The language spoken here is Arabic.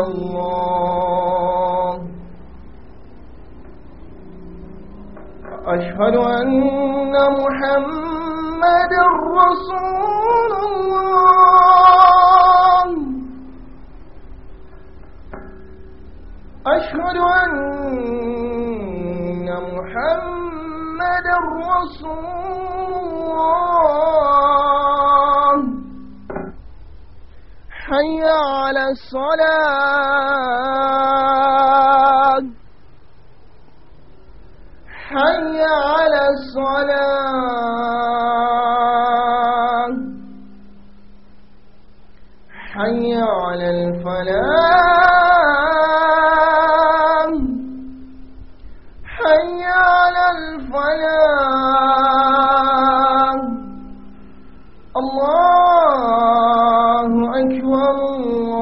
الله أشهد أن محمد رسول الله أشهد أن محمد رسول الله حي على الصلاة حي على الصلاة حي على الفلاح حي على الفلاح الله أكوى